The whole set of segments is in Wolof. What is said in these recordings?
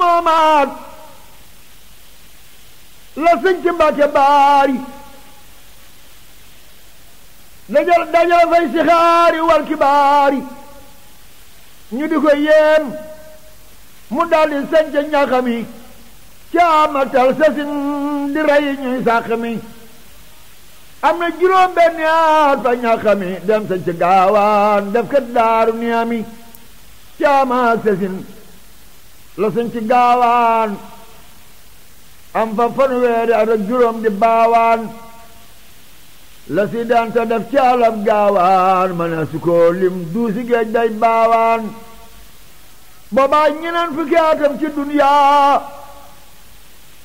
moomaat la sëñ ci baari dajal dajal fay si xaari war kibaari ñu di ko yéen mu daldi sëñ ca ñaxam yi caamatal sasin di rey ñuy sàq am na juróom benn fa ñaxam dem sëñ gaawaan def ko daaru ni caama sasin la sañ ci gaawaan am fa fanweeri at ak juróom di baawaan la si daan ta def ci gaawaan ma ne su ko duusi géej day baawaan boobaa ñeneen fukki atam ci duniyaa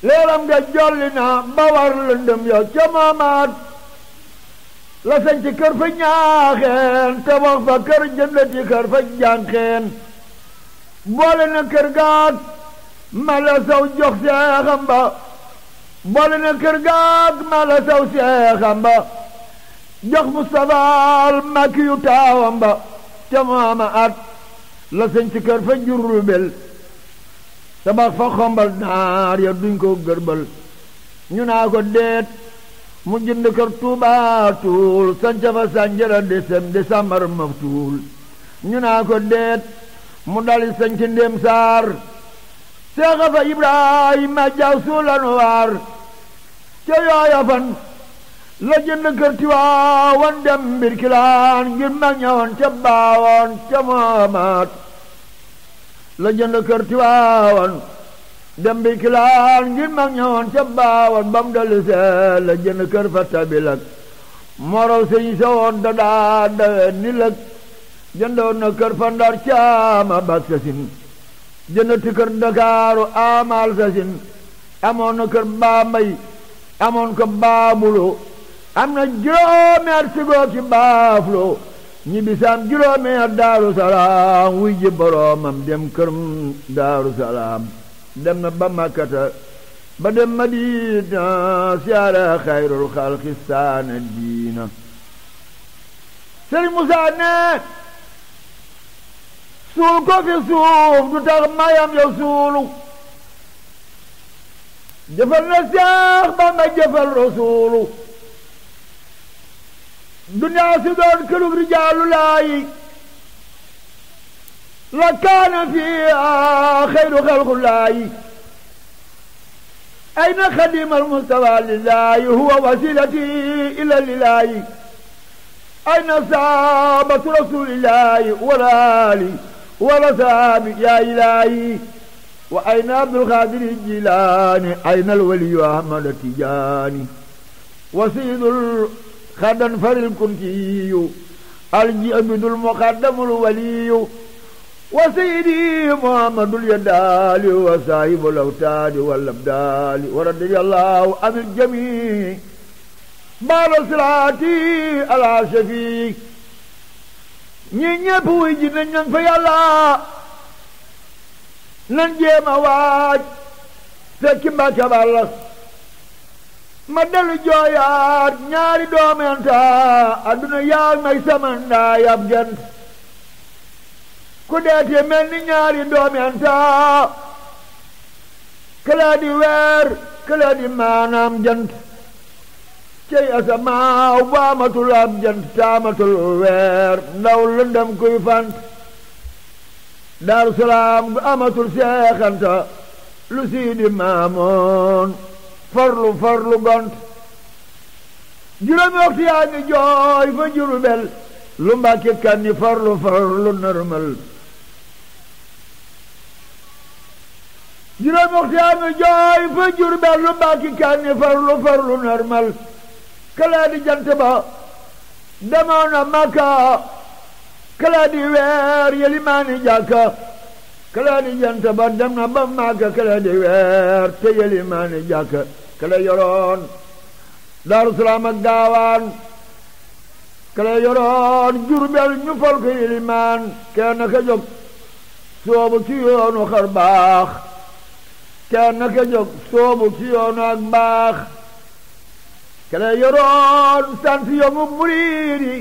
leeram nga jolli na ba lëndëm yow ca moomaat la sañ kër fa ñaaxeen tabax fa kër jëndati kër fa jànqeen boole na kër gaag mala saw jox seexam ba boole na kër gaag mala saw seexam jox Mustafa al makki yu taawam ba ca maama at la sëñ ci kër fa Jurbel tabax fa xombal naar ya duñ ko gërbal ñu naa ko deet mu jënd kër Tuubaa tuul sanca fa sànjara desem desambar maftuul ñu naa ko deet mu dali sañ ci ndéem saar seexa fa ibrahima jaw suulan waar ca yooya fan la jënd kër Tiwaawan dem mbir kilaan ngir mag ñawoon ca baawoon ca moomaat la jënd kër Tiwaawan dem mbir kilaan ngir mag ñawoon ca baawoon ba mu dalisee la jënd kër fa tabilak morow sëñ sa woon da daa dawe ni lëg jëndoon na kër fandar caama bas sasin jëndati kër ndakaaru amal sasin amoon na kër baambay amoon ko baabulo am na juróomi at sigoo ci baaflo ñi bisaam juróomi dem këram daaru dem na ba makkata ba dem madina siyaara xayrul xalqi saana diina sëriñ Musaa suul ko fi du tax mayam yow suulu jëfal na seex ba nga jëfal rasuulu duniyaa si doon kërug rijaalu laayi la kaana fiihaa xayru xalqu laayi أين خديم المستوى لله هو وسيلتي إلى لله أين صحابة رسول الله والآلي wala saabik yaa ilaahi wa ayna abdulxaadiri jilaani ayna alwaliyu ahmada tijaani wasiidul xadan faril kuntiyu aljabidul muqaddamul waliyu وسيدي محمد اليدال وصاحب الأوتاد والأبدال ورضي الله عن الجميع بعد صلاتي على شفيق ñii ñépp wuy ji nañ nañ fa nan jéem a waaj fekki mbàkke ma delu jooyaat ñaari doomenta adduna yaag may samandaa yab gent ku deete mel ni ñaari doomenta këla di weer këla di maanaam jant cey asamaaw yaa ngi jooy fa jurubel lu mbàkke kan ni farlu farlu nërmal juróomi lu mbàkke kan këlaa di jant ba demoon na Makka këlaa di weer yelimaani jàkka këlaa di jant ba dem na ba Makka këlaa di weer te yelimaani jàkka këla yoroon Daaru Salaam ak gaawaan këla yoroon Jurbel ñu fal ko yelimaan kenn ka jóg soobu ci yoonu xar baax kenn ka jóg soobu ci yoonu ak baax kele yoroon sant yongu murid yi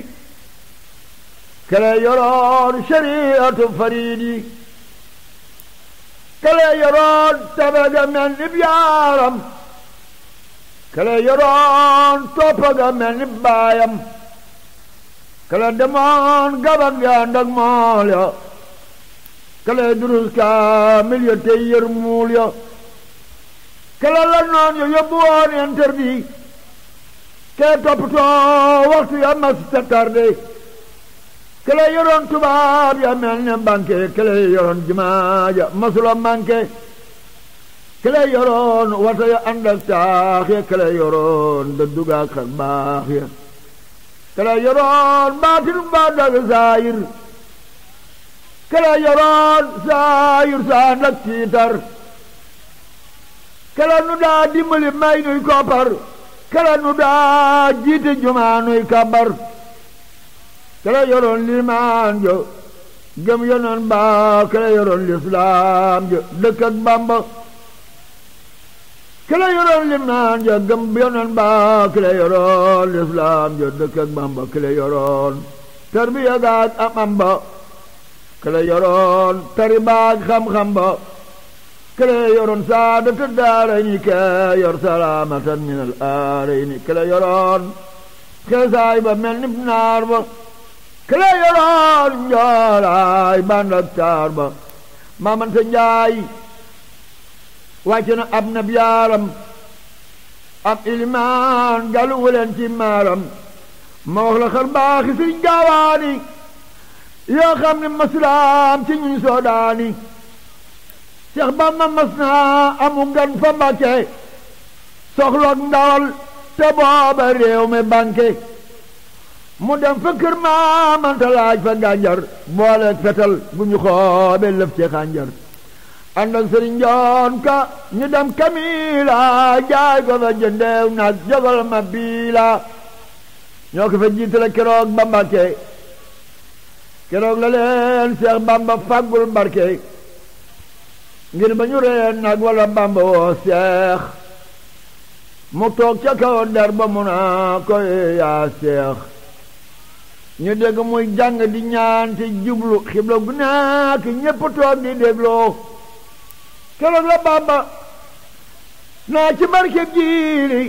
kele yoroon sariatu farid yi kele yoroon tabaga mel ni yaaram kele baayam kele demoon gabag yaa ndag mool ya kele kaamil ya tey yër muul la noon ya yóbbu woon interdit te toppatoo waxtu ya mas ta tarde kële tubaab ya mel ne banque kële yoroon jumaa ja masula manque kële yoroon wata ya ànd taax ya kële yoroon dëddugaak xak baax ya kële yoroon baatin ba dag saayir kële yoroon saayir saan tiitar kële nu daa dimbali may nuy koppar kala nu daa jiite jumaanuy kabar kala yoroon limaan jo gëm yonoon ba kala yoroon lislaam jo dëkk ak bamba kala yoroon limaan jo gëm yonoon ba kala yoroon lislaam jo dëkk ak bamba kala yoroon tarbiya tari baag xam kële yoroon saadata daarayni salaamatan min al aarayni kële yoroon xeesaay ba mel ni naar ba kële yoroon njoolaay bànd ak na ab nab yaaram ilimaan galu ci maaram ma la xar si gaawaani yoo xam ne masulaam ci ñun soodaani Seex Bamba mas na amu gan ndawal te booba réew mi banque mu dem fa kër maamanta fa gànjar booleeg fetal gu ñu xoobe lëf ci xànjar ànd ak sëriñ Ka ñu dem Kamila jaay ko fa jëndeew nag jógal ma biila ñoo ko fa jiitale keroog ba Mbàkke la leen Seex Bamba faggul barke ngir ba ñu reen nag wala bamba woo seex mu toog ca kaw der ba mu naa koy yaa seex ñu dégg muy jàng di ñaan te jublu xibla gu nekk ñépp toog di dégloo keroog la bamba naa ci barkeb jiili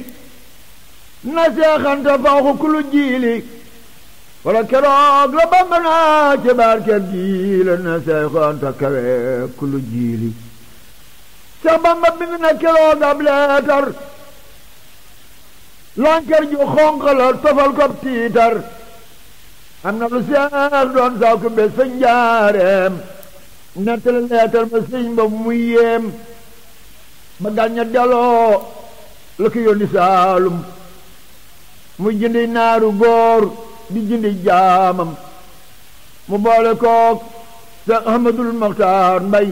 na seexanta faaxu kulu jiili wala keroog la bamba naa ci barkeb jiili na seexanta kawe kulu jiili Seex Bamba bi mu nekk loo dab leetar lanker ju xonq la tofal ko tiitar am na lu seex doon saaku bés fa njaareem nettali leetar ba sëñ ba mu ba gàñña deloo la ko yónni saalum mu jindi naaru góor di jindi jaamam mu boole kook Seex Ahmadul Maxtaar Mbay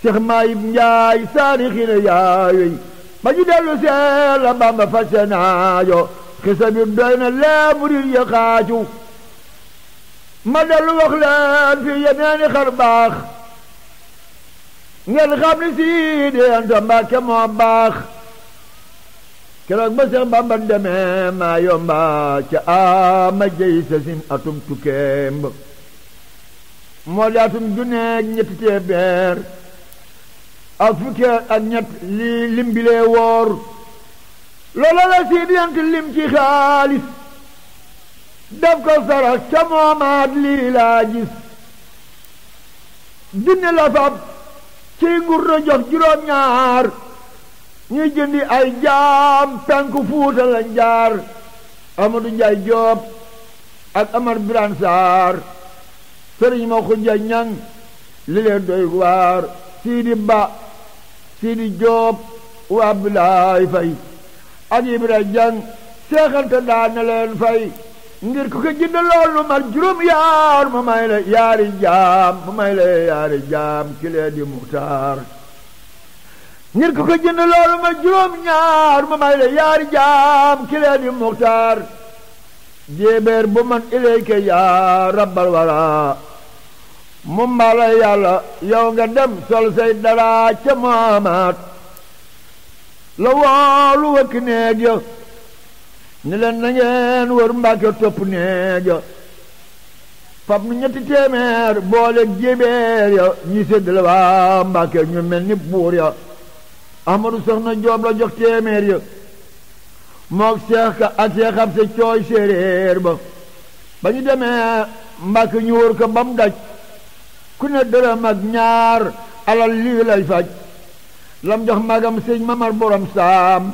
Seex Maayib Njaay saarixina yaayoy ba ñu dellu see la Bamba faj seen aajo xisa bi doy na lee murid ya xaaju ma dellu wax leen fi yeneeni xar baax ngeen xam ni sii di Anta Mbàkke moo baax keroog ba Seex Bamba demee maa yomba ca ama jëy sa sim atum tukkeem moo di atum junneeg ñetti téeméer ak fukki ak ñett li lim bi lee woor loola la siid yant lim ci xaalis def ko sarax ca moomaat lii laa gis la fab ci ngur da juróom-ñaar ñuy jëndi ay jaam penk fuuta la jaar Amadou Njaay Joob ak Amar Biraan Saar sëriñ ma xujja ñang li leen doy waar Siidi Ba Sidi Joob wa Abdoulaye Faye ak Ibra Jang seexante daan fay ngir ku ko loolu mat juróom yaar mu may la yaari jaam mu may la yaari jaam ki lee di muxtaar ngir ku ko loolu mat juróom ñaar mu may la yaari jaam ki lee di muxtaar jéebéer bu man ilayka yaa rabbal waraa mu mbala yàlla yow nga dem sol say dara ca maamaat la woolu wëkk neeg ya ni leen na ngeen wër mbàkke topp neeg ya fab nu ñetti téeméer boole jébeer ya ñi séddale waa mbàkke ñu mel ni buur ya ahmadu soxna joob la jox téeméer ya moog seex ka ak seex ab sa cooy séeréer ba ba ñu demee mbàkke ñu wër ko ba mu daj ku ne dërëm ak ñaar alal lii lay faj lam jox magam sëñ mamar borom saam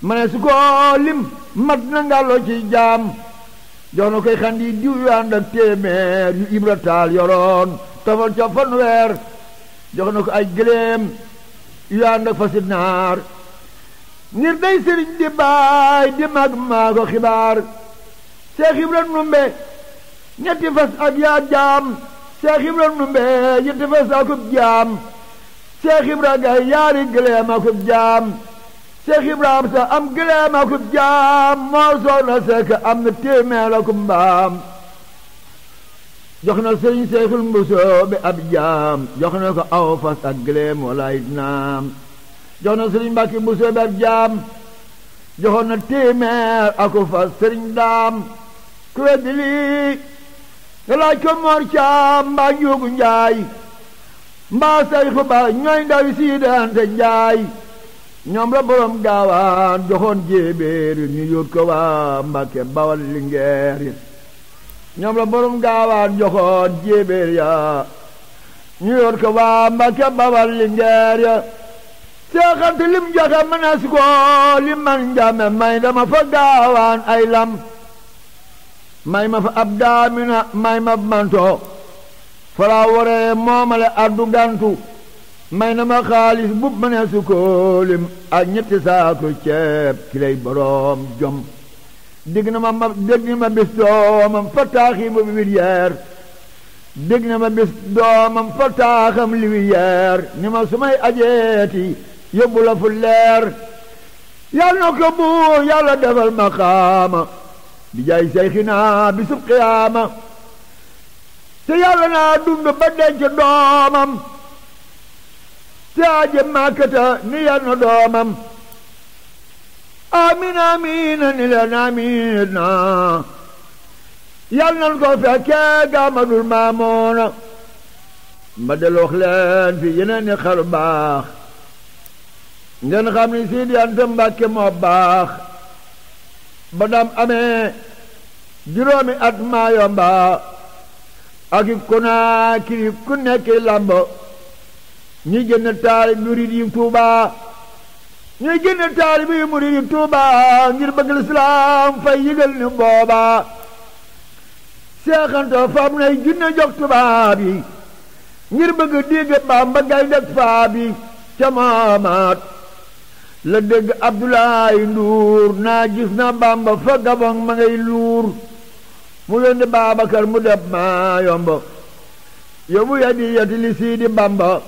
ma ne ko lim mat na ngàlloo ci jaam jox na koy xandi diw yu ànd ak téeméer yu ibra taal yoroon tofal ca fanweer jox na ko ay gëléem yu ànd ak fasit ngir day sëriñ di baay di mag maa ko xibaar Seex Ibra Numbe ñetti fas ak yaa jaam Seex Ibra numbe yitti fas akub jaam Seex Ibra gay yaari gëléem jaam Seex Ibra am sa am gëléem jaam moo soxna Seck am na téeméer akub mbaam jaam jox na ko aw fas ak gëléem naam jox na sëriñ Mbàkke jaam joxoon na téeméer akub fas sëriñ daam ku weddi nga laaj ko moor caam mbaa njuugu njaay mbaa sayxu ba ñooy ndawi siidante njaay ñoom la borom gaawaan joxoon jéebéer ñu yóot ko waa mbàkke bawal lingeer yi ñoom la borom gaawaan joxoon jéebéer ya ñu yóot ko waa mbàkke bawal lingeer ya seexante lim joxe mënees ko li man njame may dama fa gaawaan ay lam may ma fa ab daamina may ma mantoo falaa waree moomale addu gantu may na ma xaalis bu ma ne sukoolim ak ñetti saaku ceeb ki lay boroom jom dégg na ma bis doomam fa taaxi bu bi yeer dégg na ma bis doomam fa taaxam li wi yeer ni ma su may ajeeti yóbbu fu leer yàlla na buur yàlla defal ma xaama di jaay seyxinaa bisub xiyaama te yàlla naa dund ba denc doomam te aje màkkata ni yal na doomam amin amin ni leen amin na yal nan ko fekke gaamadul maamoona ma deloox leen fi yeneen ni xaru baax ngeen xam ni Sidi Anta Mbàkke moo baax ba dam amee juróomi at maayomba ak i kunaakiri ku nekki lambo ñuy jënd taali murid yi tuuba ñuy jënd taali bi yi tuuba ngir bëgg lislaam fay yëgal ni booba seexanto faam nay junne jox tubaab yi ngir bëgg dégg mbaam ba gay deg faa bi ca moomaat la dégg Abdoulaye Ndour naa gis na Bamba fa gabon ma ngay luur mu yónni Babacar mu def maa yomba yóbbu yadi yati li siidi Bamba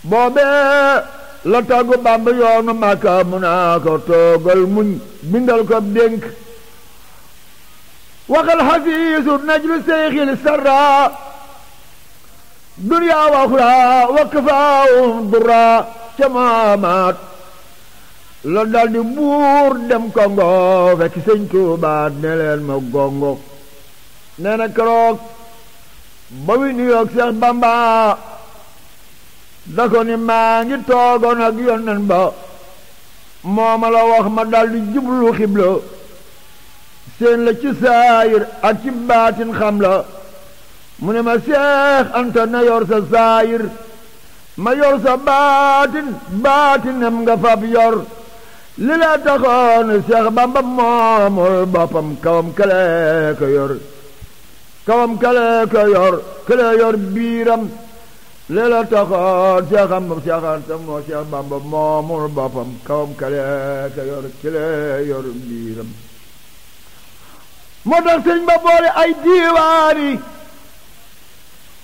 boobee la tàggu Bamba yoonu Màkka mu naa muñ bindal ko dénk waxal xafiisu najlu seyxil sarra duniyaa wa axra wa kafaawum durra ca maamaat la daldi buur dem Kongo fekk sëñ Tuubaa ne ma gongo nee na ba wi nu Seex Bamba da maa ngi toogoon ak yonent ba mooma la wax ma daldi jublu xibla seen la ci saayir ak ci baatin xam la mu ne ma Seex Anta na yor sa saayir ma yor sa baatin baatinam nga fab yor li la taxoon Seex moomul boppam kawam kale ko yor kawam kale biiram li la taxoon Seex am Seex Anta moo Seex Bamba moomul boppam kawam kale ko yor kale yor biiram moo tax sëñ ba boole ay diiwaani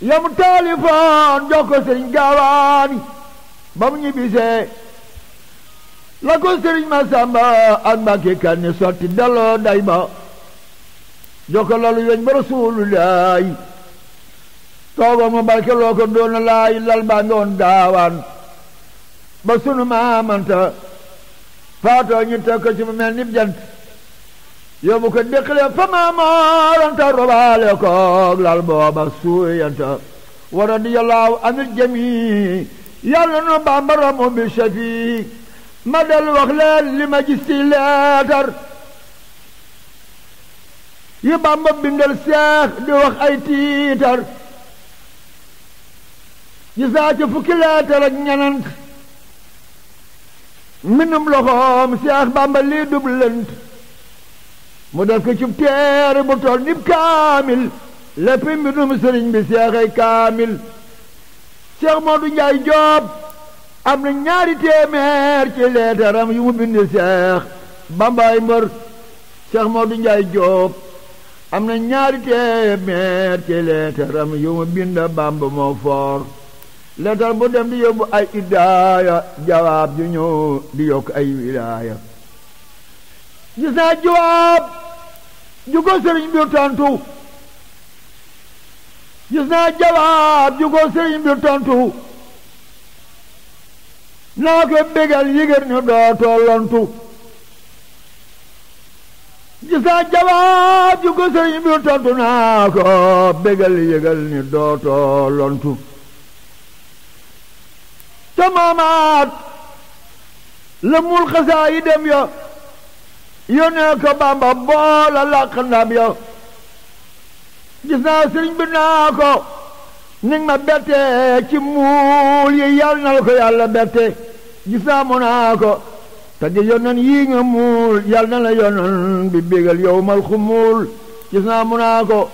yamu taalifoon jox ko sëñ gaawaani ba la ko Masamba ak Mbàkke kan ni sotti delloo day ba joko loolu weñ ba rasulullaay toogo mu barke loo ko doona lal baa nga woon gaawaan maamanta faatoo ñu teg ko ci mu mel ni jant yóbbu fa maamaaranta robaale koog lal booba suuyanta wa radiyallaahu anil jami yàlla nu bambara moom bi shafi ma del wax leen li ma gis ci leetar yi Bàmba bindal seex di wax ay tiitar yi saa ci fukki leetar ak ñenant mbindum loxoom seex Bàmba lii dub lënt mu def ko cib téere bu toll nib kaamil léppi mbindum sëriñ bi seexay kaamil seex Moodu Njaay Joob am na ñaari téeméer ci leetaram yu mu bindi Seex Bambaay Mbër Seex Moodu Njaay Joob am na ñaari téeméer ci leetaram yu mu bind Bamba moo foor leetar bu dem di yóbbu ay iddaaya jawaab ju ñëw di yokk ay wilaaya gis naa jawaab ju ko sëriñ bi tontu gis naa jawaab ju ko sëriñ bi tontu naa ko bégal yigéen ñu doo tollantu gisaa jawaab ju ko sëriñ bi tontu naa ko bégal yëgal ni doo tollantu te maamaat la mul xasaa dem ya yónnee ko bamba boola làq ndam ya gis naa sëriñ bi naa ko ni ma bettee ci muul yi yal na la ko yàlla bettee gisaamu naa ko tagg yonan yii nga muul yal na la yonan bi bégal yow mal xumuul naa ko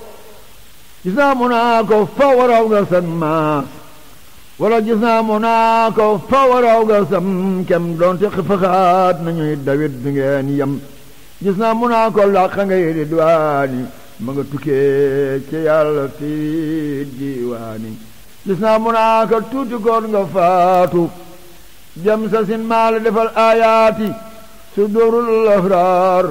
gisaamu naa ko fa waraw nga san maas wala gisaamu naa ko fa waraw nga sam kem doonte faxaat nañuy dawit bi ngeen yem gisaamu naa ko làq ngay di duwaani ma nga tukkee ci yàlla fi diwaani gisaamu naa ko tuuti koon nga faatu jam sa sin maala defal aayaati su dóorul asraar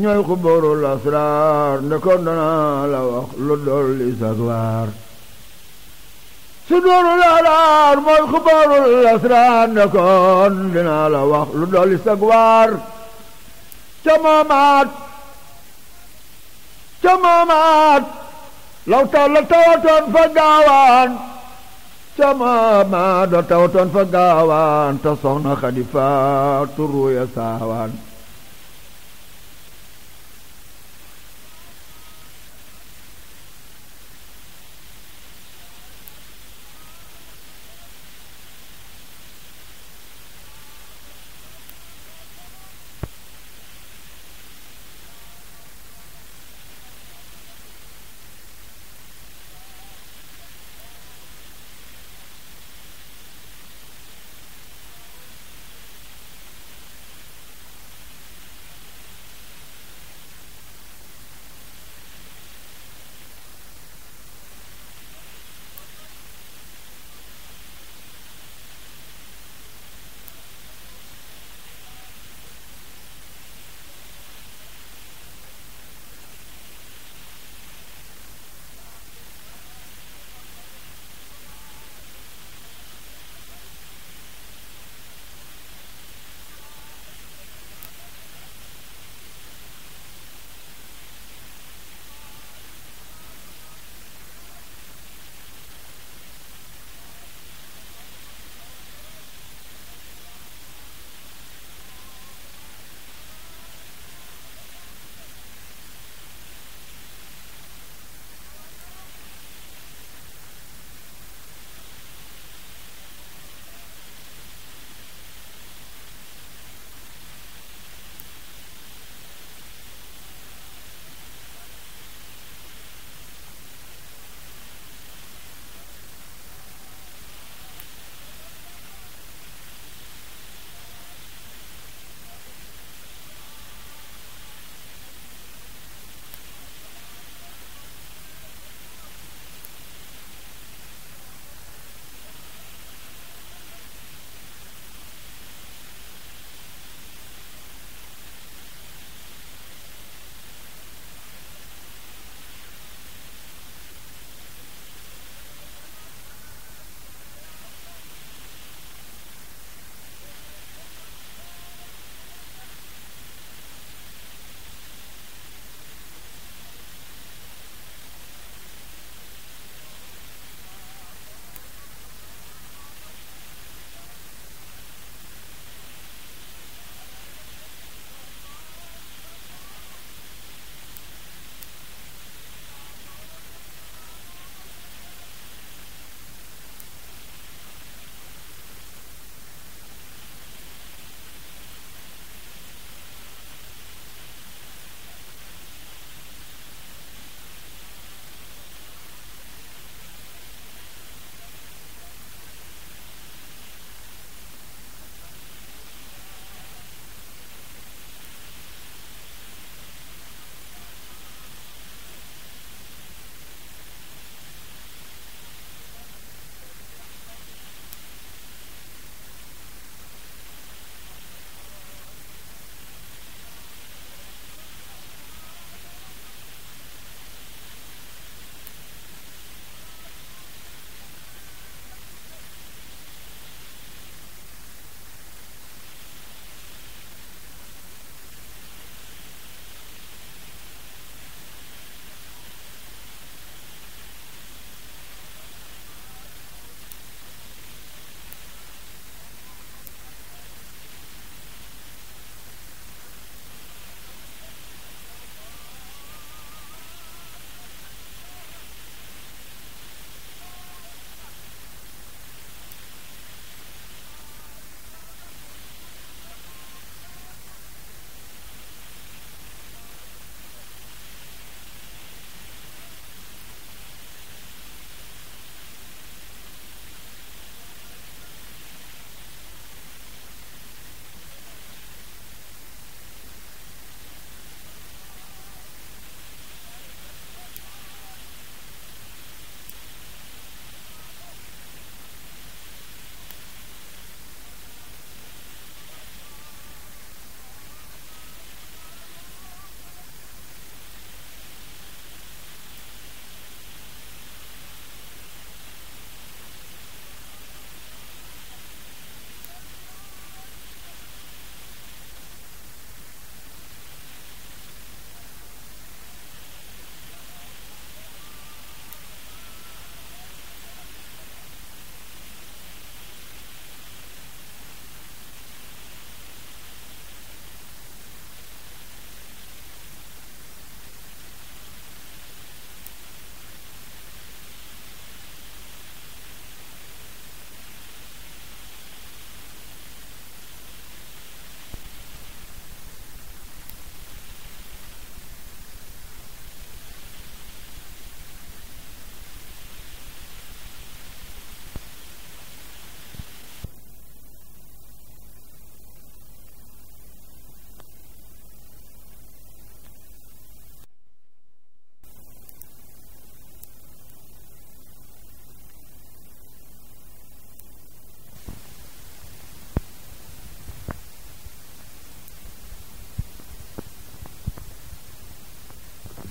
ñooy ku bóorul asraar ndekoon dana la wax lu dolli sag waar su dóorul asraar mooy ku bóorul asraar ndekoon dana la wax lu dolli sag waar ca moomaat ca moomaat law tal la tawatoon fa gaawaan sama ma do tawtoon fa gaawaan te soxna xadi faatu ruya saawaan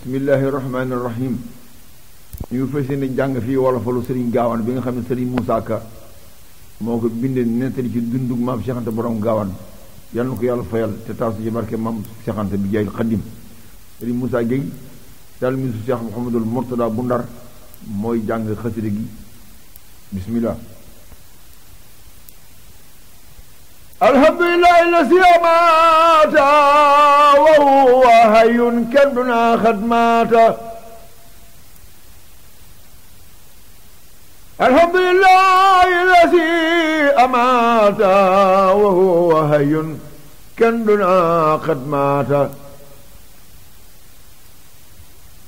bismillaahi rahmaani rahiim ñu fa fas yéene jàng fii wolofalu sëriñ gaawaan bi nga xam ne sëriñ Moussa Ka moo ko bind nettali ci dundug maam Cheikh Anta borom gaawaan yal na ko yàlla fayal te taasu ci barke maam Cheikh Anta bi jaay xadim sëriñ Moussa Gueye talmisu Cheikh Mouhamadul Mourtada bu Ndar mooy jàng xasida gi bismillah الحمد لله الذي أمات وهو حي كدنا قد مات الحمد لله الذي أمات وهو حي كدنا قد مات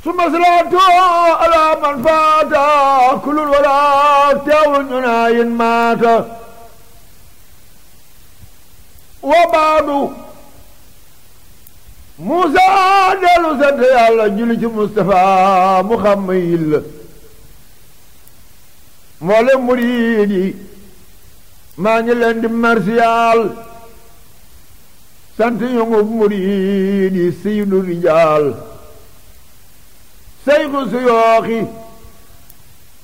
ثم صلاته على من فات كل الولاة والجناين مات wabaadu Moussa dellu sant yàlla julli ci Moustapha mu xam ma yil la mboolem murid yi maa ngi leen di yungub murid yi rijaal sayxu suyooxi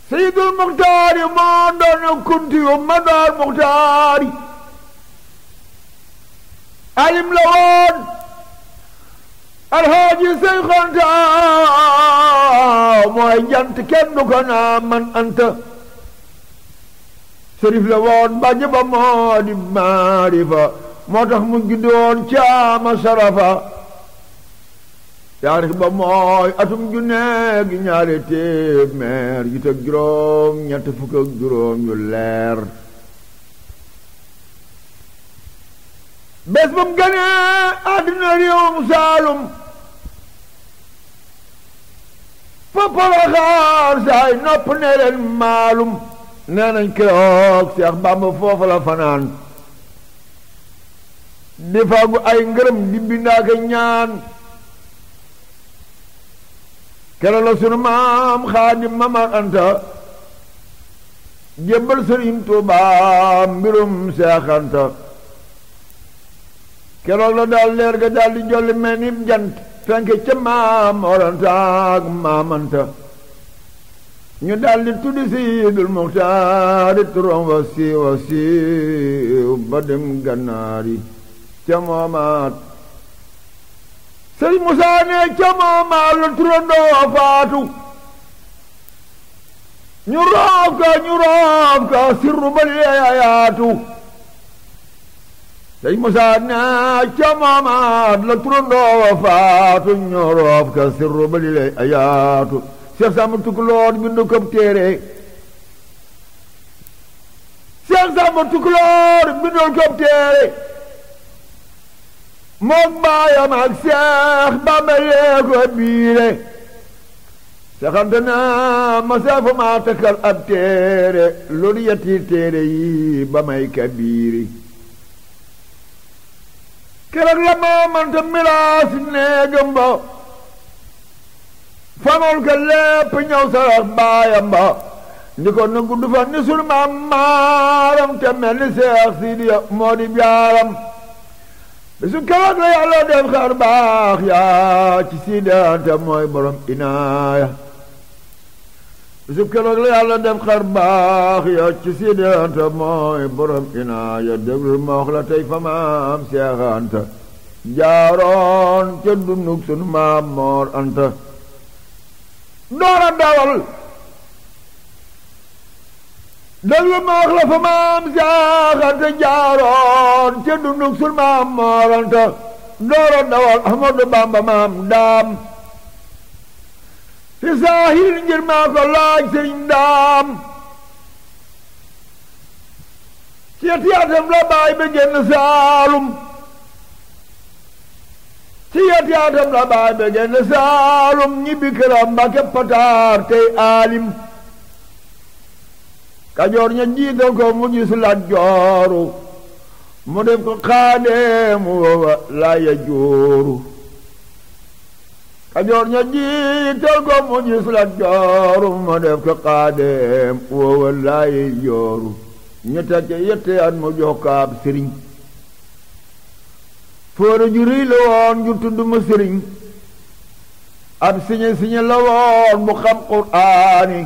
sayyidul muxtaari moo doon kunti yu ma daal muxtaari alim la woon alxaaji sey xonta mooy jant kenn du ko man anta sërif la woon bañ ba moo di maarifa moo tax mu giddoon caama sarafa taarix ba mooy atum junneeg ñaari téeméer yi te juróom ñett fukk ak juróom yu leer bés bu mu gënee àdduna réewum Saalum fa Poroxaar saay nopp ne maalum nee nañ Seex Bàmba foofu la fanaan di faagu ay ngërëm di bindaaka ñaan keroog la sunu maam Xaadim Mamar Anta jébbal Sëriñ Tuubaa mbirum Seex Anta keroog la daal leer ga daal di jolli mel ni jant fenke ca maam oranta maamanta ñu daal di tuddi Siidul Muxtaari turam wa siiw ba dem gannaar ca moomaat sëriñ Musaa ca moomaat la turandoo faatu ñu roof ka ñu roof ka sirru ba yaatu sëñ Musaa ca Maamaat la turandoo wa ñoroof ka sirru ba li lay ayaatu Seex Sàmba Tukulóor bindu këb téere Seex Sàmba Tukulóor bindu këb téere moog baayam ak Seex Bamba yee ko biire saxante naa ma saafu maa ab téere loolu yetti téere yi ba kabiiri keroog la moomanta milaas néegam ba famul ko lépp ñëw sarax baayam ba ni ko nu fa ni sunu maam maaram te ni seex siidiya moo di jaaram bisu keroog la yàlla def xar baax yaa ci siidanta mooy borom inaaya bisub keroog la yàlla def xar baax ya ci Sidi Anta mooy borom inaaya déglul ma wax la tey fa maam Seex Anta jaaroon ca dundug sunu maam Moor Anta doora dawal déglul ma wax la fa maam Seex Anta jaaroon ca dundug sunu maam Moor Anta doora dawal Ahmadu Bamba maam daam fi saahir ngir maa ko laaj sëriñ daam ceeti atam la baay ba saalum ci yetti atam la baay ba génn saalum ñibbi këram Mbakke Pataar tey aalim Kajoor ña jiital ko mu gis Lat Jooru mu def ko xaadee mu la ya jooru kajoor ña jiital ko mu gis la jooru ma def ko xaadeem woowa laayi jooru ñu teg ca yette at mu ab sëriñ fóora ju rëy la woon ju tudd ma sëriñ ab siñe siñe la woon bu xam quraani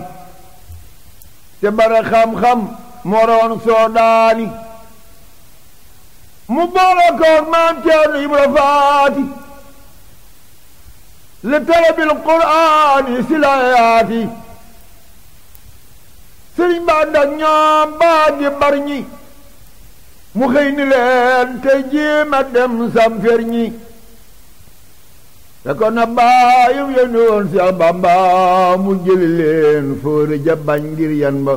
te bare xam-xam moo roon soodaani mu boole koog Ibra Faati لطلب القرآن سلاياتي sëriñ baa ndak ñoom baa di bar ñi mu xëy ni leen te jéem a dem samfer ñi te na baayum yónni woon si Bamba mu jëli leen fóore ja bañ ngir yan ba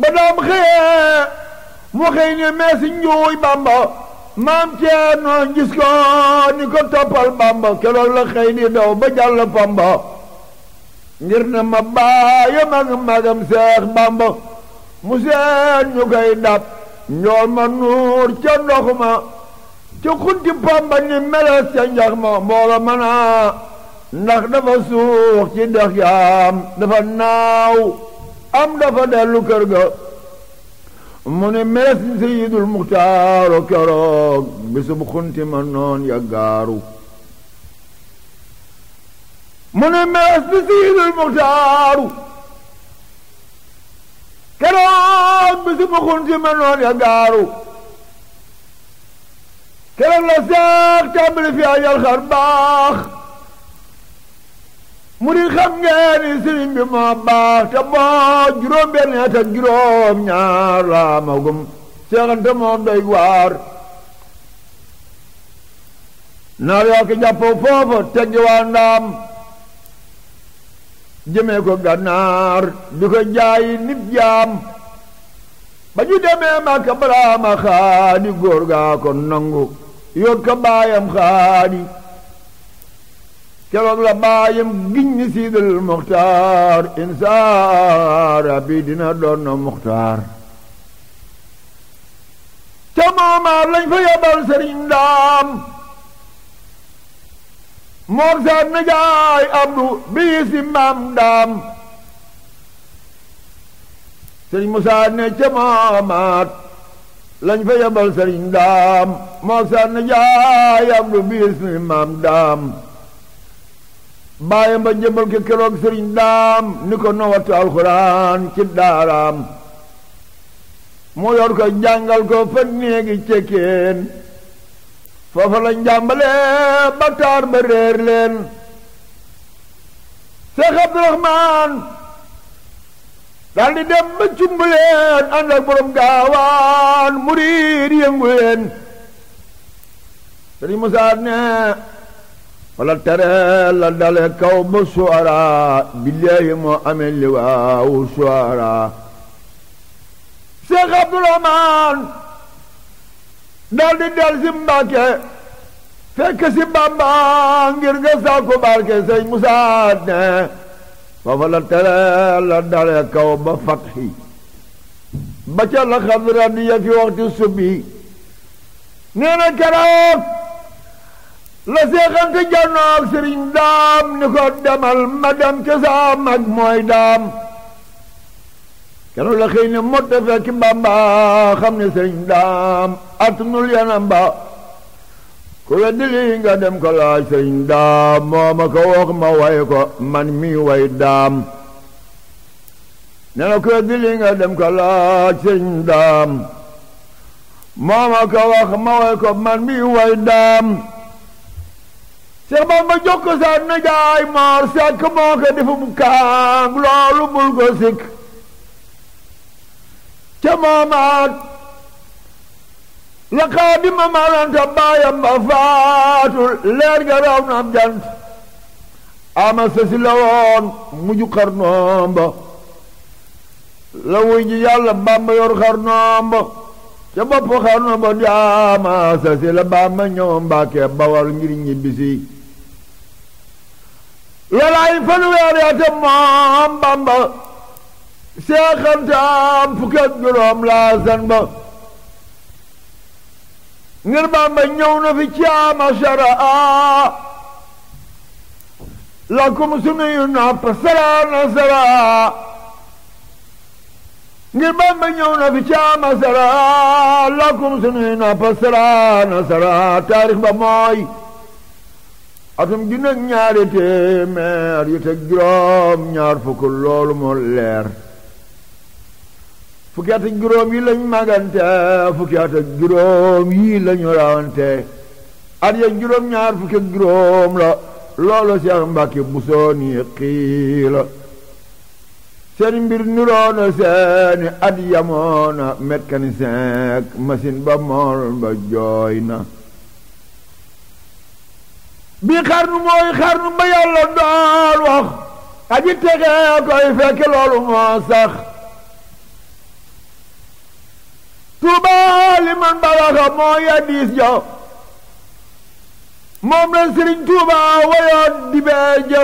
ba daam xëyee mu xëy ni meesi njuuy Bamba maam Ceerno gis ko ni ko toppal Bamba keroog la xëy di daw ba jàll Pamba ngir na ma baaya mag magam Seex Bamba mu seen ñu koy dab njool ma nuur ca ndox ma ci Pamba ni meles ca njax ma mboola ma naa ndax dafa suux ci dex yaam dafa naaw am dafa dellu kër ga mu ne meles sayidul muxtaaru keroog bisub xunti ma noon ya gaaru mu ne bi sayidul muxtaaru keroog noon ya gaaru keroog la seex tàmbali fi ajal xar mu di xam ngeen ni bi moo baax te boo juróom benn at ak juróom ñaar la magum seexante moom doy waar naar yaa ki jàpp foofu teggi waa ndaam ko gànnaar di ko jaayi nit jaam ba ñu demee Makka Baraama xaadi góor gaa ko nangu yoot ka xaadi keroog la baayam giñ ni siidal muxtaar insaara bi dina doon na ca moomaar lañ fa yabal sëriñ daam mook saat na jaay abdu bii si maam daam sëriñ musaa ne ca moomaat lañ fa yabal sëriñ daam mook saat na jaay abdu bii si maam daam baayam ba njëbal ke keroog sëriñ daam ni ko nowatu alxuraan ci daaraam mu yor ko jàngal ko fa néegi cekkeen foofa la njàmbale ba taar ba réer leen Seex Abdurahmaan daldi dem ba cumbuleen ànd ak borom gaawaan murid yëngu leen sëriñ Musaa ne wala tere la dale kaw ba suwara billaahi moo amee li waawu suwara Seex Abdurahmaan dal di del si Mbàkke fekk si Bàmba ngir nga sàkku barke sëñ Musaa ne foofa la tere la kaw ba fatxi ba ca la xadra di yëkki waxtu subbi nee na la seexante janoog sëriñ daam ni ko demal ma dem ca saa mag mooy daam keroog la xëy ne mot a fekk Bamba xam ne sëriñ daam atunul yanam ba ku weddi lii nga dem ko laaj sëriñ daam mooma ko wax ma way ko man mi way daam nee na ku weddi lii nga dem ko laaj sëriñ daam mooma ko wax ma way ko man mi way daam Seex Bamba jokk sa nijaay Mor Seck moo ko defum kaang loolu bul ko ca moomaat la xaadima malanta baayam ba leer ga raw na am jant ama sasi la woon muju la wuy ji yàlla Bamba yor xarnoom ba ca bopp xarnoom ba di ama sasi la Bamba ñëw Mbàkke Bawal ngir ñibbisi lalaay fanweer ya te moom bamba seexantaam fukk ak juróom laa san ba ngir bamba ñëw na fi caama saraa lakum sunuyu nopp saraa na saraa ngir bamba ñëw na fi caama saraa lakum sunuyu nopp saraa na saraa taarix ba mooy atum ju nekk ñaari téeméer yu teg juróom ñaar fukk loolu moo leer fukki juróom yi lañ magante fukki at juróom yi lañu rawante at juróom ñaar fukki ak juróom la loolu Seex Mbàkke Buso ni xii la seen mbir niroona seeni at yamoona mécanicien machine ba mool ba jooy na bi xarnu mooy xarnu ba yàlla daal wax aji tegee koy fekk loolu moo sax Tuubaa li man balaxa mooy hadiis ja moom la Sëriñ Tuubaa wayoon dibee ja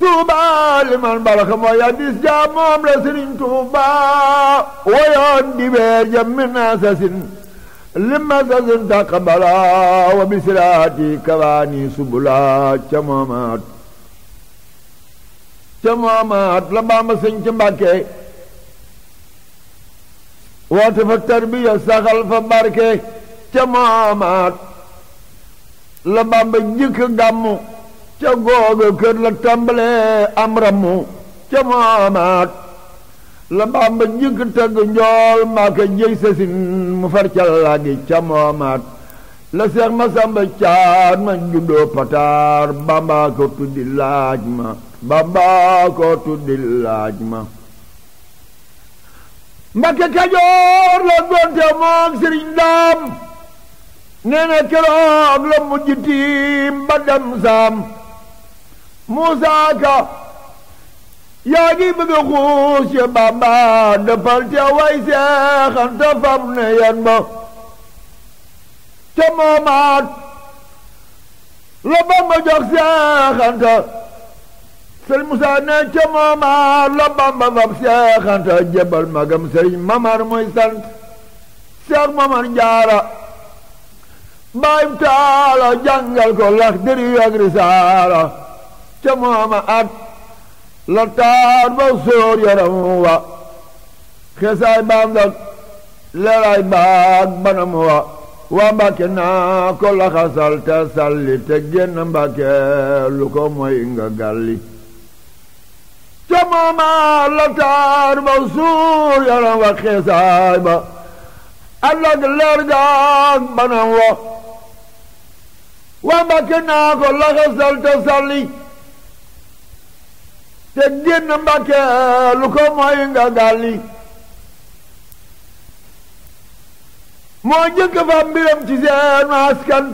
Tuubaa li man balaxa mooy hadiis ja moom la Sëriñ Tuubaa wayoon dibee ja min asasin لما زلزل تقبلا وبسراتي كواني سبلا ca moomaat ca moomaat la Bamba sëñ ci Mbàkke fa tarbiya saxal fa barke ca moomaat la Bamba njëkk gàmmu ca googa kër la tàmbalee am ca moomaat la Bàmba njëkk tëgg njool maaka jëy sësin mu far ca lagi ca moomaat la Seex caat ma juddoo pataar Bàmba ko tuddi laaj ma Bàmba ko tuddi laaj ma Mbakke Kajoor la gonte moom Sëriñ Daam nee keroog la mujj tiim ba dem saam Muusaa yaa ngi xuus ci Bàmba dëppal ca way seexanta fab ne ba ca moomaat la Bàmba jox seexanta Sëriñ Musaa ne ca moomaat la Bàmba fab seexanta jëbal magam Sëriñ Mamar muy sant Seex Mamar Jaara baayum taala jàngal ko lax dëri ak risaala ca moomaat lantaar ba sóor yaram wa xeesaay baam dag leeraay baag banam wa waa mbàkke naa ko laxasal te salli te génn mbàkke lu ko moy nga gàlli ca mooma lantaar ba sóor yaram wa xeesaay ba ànd ak leer gaag banam wa waa mbàkke naa ko laxasal te salli te génn Mbàkke lu ko mooy nga gàlli moo jëkk fa mbiram ci seen askan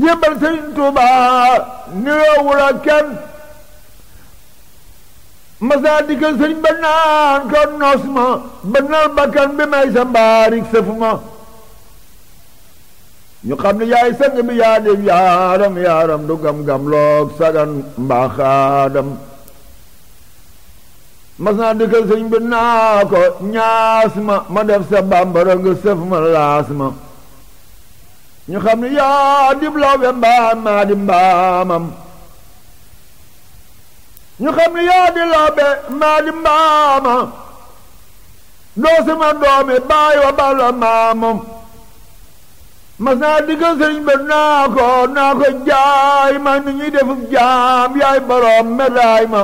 jébbal Sëriñ Tuuba niroowul ak kenn masa dikkal sëriñ ba naan ko nos ba nal bi may sa mbaarik ñu xam ne yaay sang bi yaa def yaaram yaaram du gam-gam loog sagan mbaa xaadam mas naa bi naa ko ñaas ma ma def sa bàmbara nga sëf ma laas ma ñu xam ne yaa dib lawbe mbaam maa di mbaamam ñu xam ne yaa di lawbe maa di mbaama doo sama doomi baay wa bala maamam mas naa diggal sëriñ ba naa jaay ma ni ñuy defub jaam yaay borom meraay ma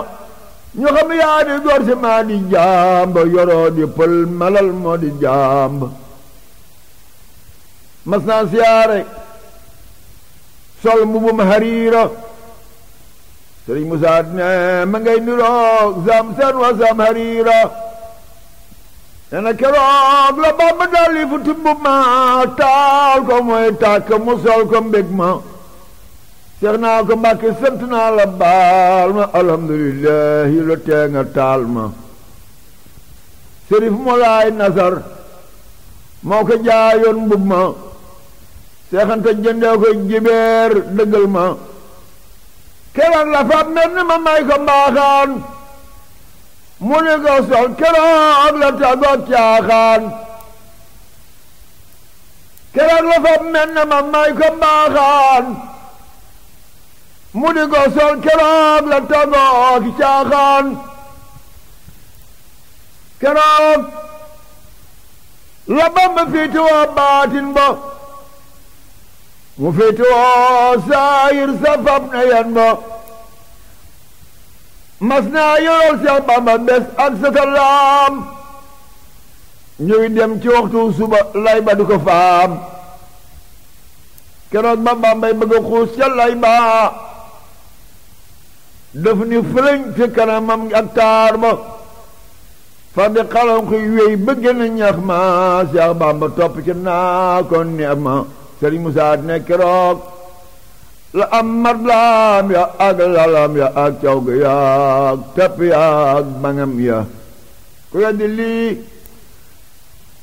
ñu xam ne di góor si di jaamba yoroo di pël malal moo di jaamba mas naa siyaare sol mbubum hariira sëriñ Musaa ne ma ngay niroo sam seen wa sam hariira dana keroog la bamba dolli fu tibb ma taal ko mooy tàkk mu sol ko mbég ma seex naa ko mbàkke sant naa la baal ma alhamdulillahi lo tee nga taal ma sérif molaay nasar moo ko jaayoon mbub ma seexanta jëndee ko jibeer dëggal ma keroog la faam mel ma may ko mbaaxaan mu ni ko sol keroog la tàggoog caaxaan keroog la fab mel na ma may mu di ko sol keroog la tàggoog caaxaan keroog la Bamba fiiti woo baatin ba mu fiiti woo saayir sa fab na yen ba mas naa yoral Seex Bamba bés ak sakalaam ñuy dem ci waxtu suba lay ba du ko faam keroog ba Bambay bëgg a xuus ca lay ba daf fëlëñ fi kanamam ak taar ba fa di xalam koy wéy bëgg na ñax ma Seex Bamba topp ci naa kon neex ma Sëriñ Musaa ne keroog la am marlaam ya ak lalam ya ak caw ga yaag tepp yaag bangam ya ku weddi lii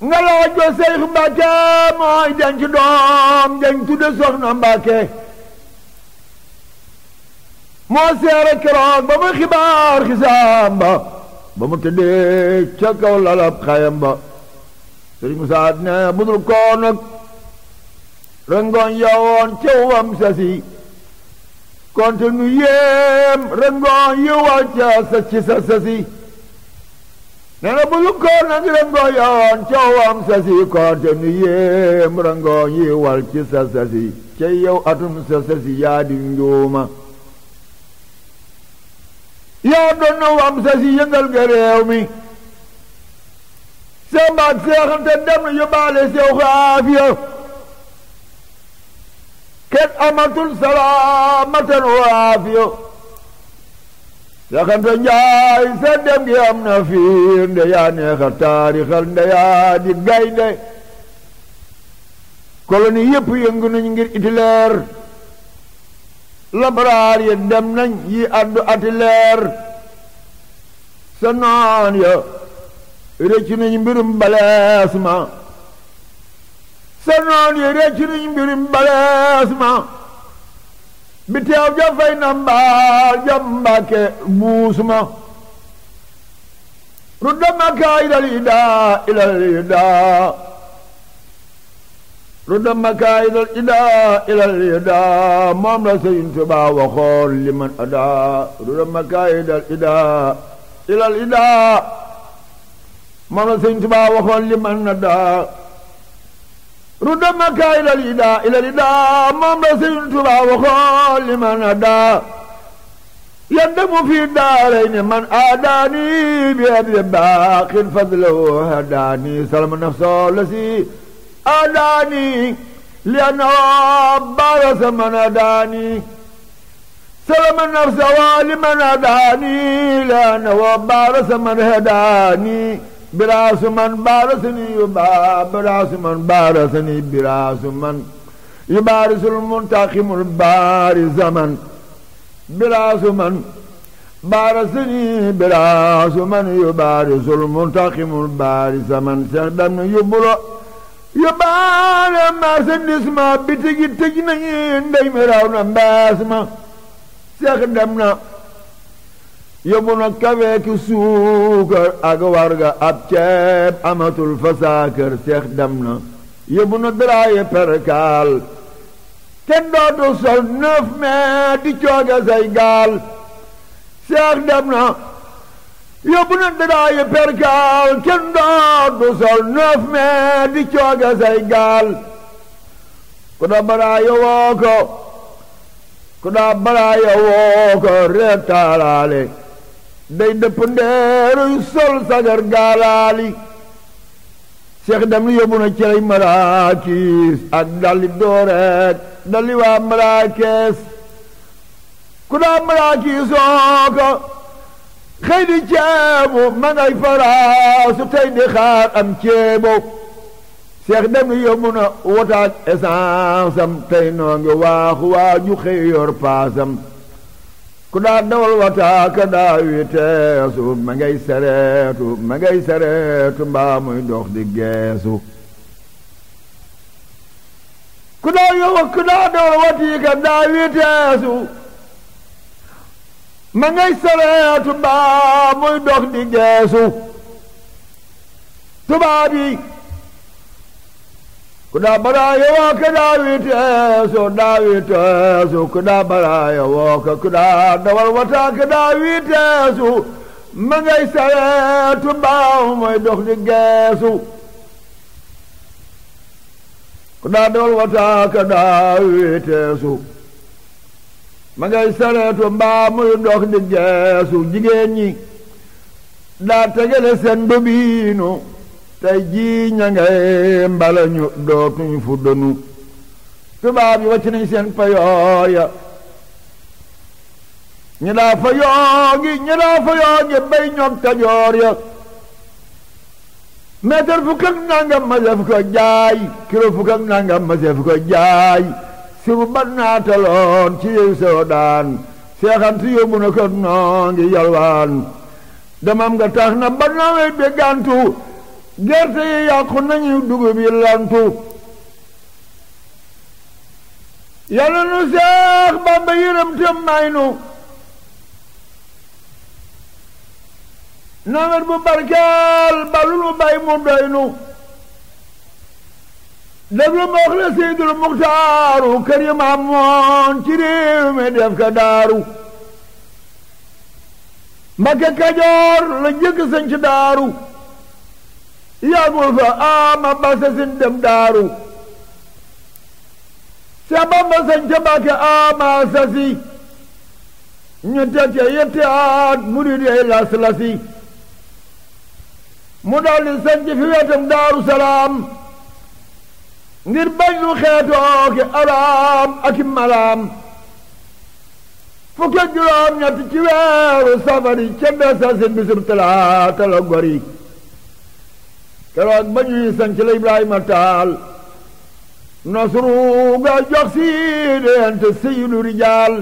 nga laaj ko Seyx Mbàkke mooy denc doom denc tudde Soxna Mbàkke moo seere keroog ba mu xibaar xisaam ba ba mu tëddee ca kaw lalab xayam ba sëriñ Musaa ne budul koo nag rangoon yawoon ca wam sasi konte nu yéem rëngoon yi wàcca sa ci sa sasi nee na bulu koor nag rëngoon yoon ca wam sasi konte nu yéem rëngoon yi wal ci sa sasi ca yow atum sa sasi yaa di njuuma yaa doon na wam sasi yëngal ga réew mi sa mbaat seexante dem na yóbbaale sew xaafiya kenn amatul salaamatan waafiyo yaxante njaay sa dem gi am na fiir nde yaa neexa taarixal nde yaa di gaynde koloni yëpp yëngu nañ ngir itileer labaraar ya dem nañ yi addu ati leer sa noon ya rëcc nañ mbirum balees ma sa noon yi rëcc nañ mbirim balees ma mi ja fay na mbaal ja mbàkke muus ma rudda makka ilal idaa ilal idaa rudda makka ilal idaa ilal idaa moom la Sëriñ Tuubaa waxoon li man adaa rudda makka ilal idaa ilal idaa moom la Sëriñ Tuubaa waxoon li man adaa rudda makka ilal ida ilal ida moom la Sëriñ Tuubaa waxoon li man adaa yaddamu fi daarayni man aadaani bi abi baaqin fadlahu hadaani salama nafsahu lasi aadaani li annahu barasa man aadaani salama nafsahu li man aadaani li annahu barasa man hadaani برأس من بارسني يبا برأس من بارسني برأس من يبارس المنتقم البارز من برأس من بارسني براس من يبارس المنتقم البارس من سردم يبلو يبار ما سندس ما بتجي تجي نين دايما راونا باسما سردمنا yóbbu na kawe ki suukar ak warga ab ceeb amatul fasaakër seex dem na yóbbu na daraaye perkaal kenn dootu sol neuf mai di cooge say seex dem na yóbbu na daraaye perkaal kenn dootu sol neuf mai di cooge say ku da baraaye woo ku da baraaye woo ko reetaalaale day dëpp ndeeruy sol sagar gaalaali seex dem lu yóbbu na cerey maraakiis ak dalli dooreek dalli waa maraakees ku daa maraakiisoo ko di ceebu ma ngay faraasu tey di xaar am ceebo seex dem lu yóbbu na wotaak essence tey noo waaxu waaju xëy yor ku daa dawal wataaka daa witeesu ma ngay sareetu ma ngay sareetu mbaa muy dox di geesu ku daa yow ku daa dawal watiika daa witeesu ma ngay sareetu mbaa muy dox di geesu tubaab kuɗa ɓarayo wo keɗa witeeso ɗa witeeso kuɗa ɓarayo wo ka kuɗa dawal wata keɗa witeeso ma ngay sareetu mbaaw mooy dox di geesu kuɗa dawal wata keɗa witeeso ma ngay sareetu mbaa muy dox di geesu jigéen ñi daa tegele seen dobiinu tey jii ña ngay mbala ñu dootuñu fu donu yi wàcc nañ seen payoor ñi daa fa yoogi ñi daa fa yoogi bay ñoog tajoor ya meetar fukk ak nangam ma ko jaay kilo fukk ak nangam ma ko jaay si bu ci yëw sewo daan seexant yóbbu na ko noo yalwaan damam nga tax na ba nawet gantu gerte yi yàqu nañu dugub yi lantu yàlla nu seex bàmba yërëm te may nu nawet bu barkeel balu nu bay mu doy nu déglu moox la seydul muxtaaru kër yi ma moon ci réew mi def ka daaru mbakke kajoor la jëkk sañ daaru yamul fa ama ah, basa sin dem daaru sa bamba sañ ca bàkke ama ah, sasi ñu teg ca yetti at murid yay las mu daldi sañ ci daaru salaam ngir bañ lu xeetoo ki araam ak i malaam fukki juróom ci weeru safari ca besa sin bisub talaata la gori keroog ba ñuy sanc la Ibrahima taal nasru ga jox si deente sayyidu rijaal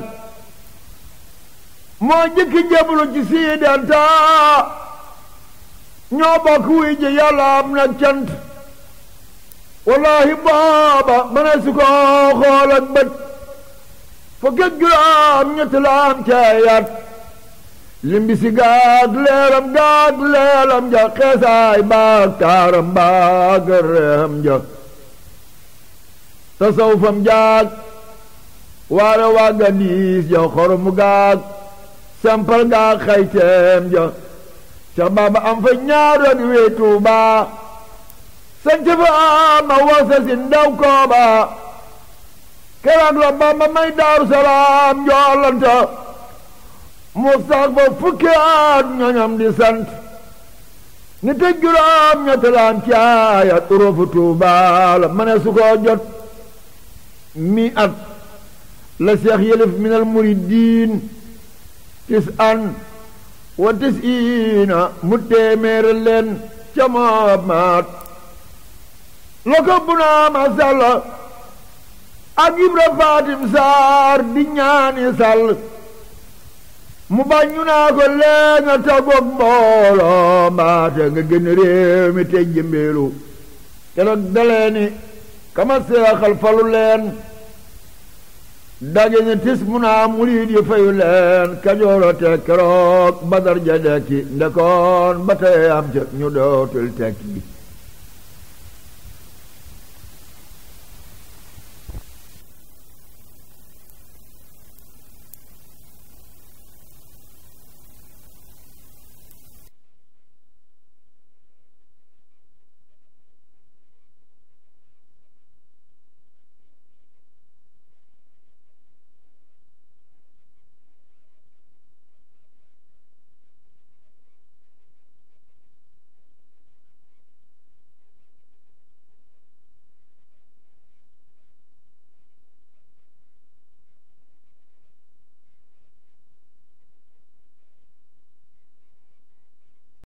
moo jëkki jébbalu ci si deenta ñoo bokk wuy ji yàlla na cant wallahi baaba ma ne su ko xool bët fukki juróom ñetti la am ceeyat limbi gaag leeram gaag leelam ja xeesaay baag taaram baag reexam ja tasawufam jaag waare waa gandiis ja xoromu gaag sempal gaag xayteem ja Seex Baaba am fa ñaar yoon wee Tuubaa sanc fa ma wasa si ndaw kooba keroog la Bamba may Daaru Salaam joolanta mu sax ba fukki at di sant ni te juróom ñettalaan ci aaya urofu Tuuba la ma jot mi at la seex yëlif minal muridiin tis an wa tis mu téeméere leen ca moob maat la bu naa ma sàll ak Ibra Fatim Saar di ñaani sàll mu bañu naa ko lee nga tàggoog mbooloo mbaate nga génn réew mi te jëmbeelu keroog dalee ni kama seexal falu leen daje ni mu naa murid yi fayu leen kajooro te keroog badar ja dekki ndekoon ba tey am ca ñu dootul tekki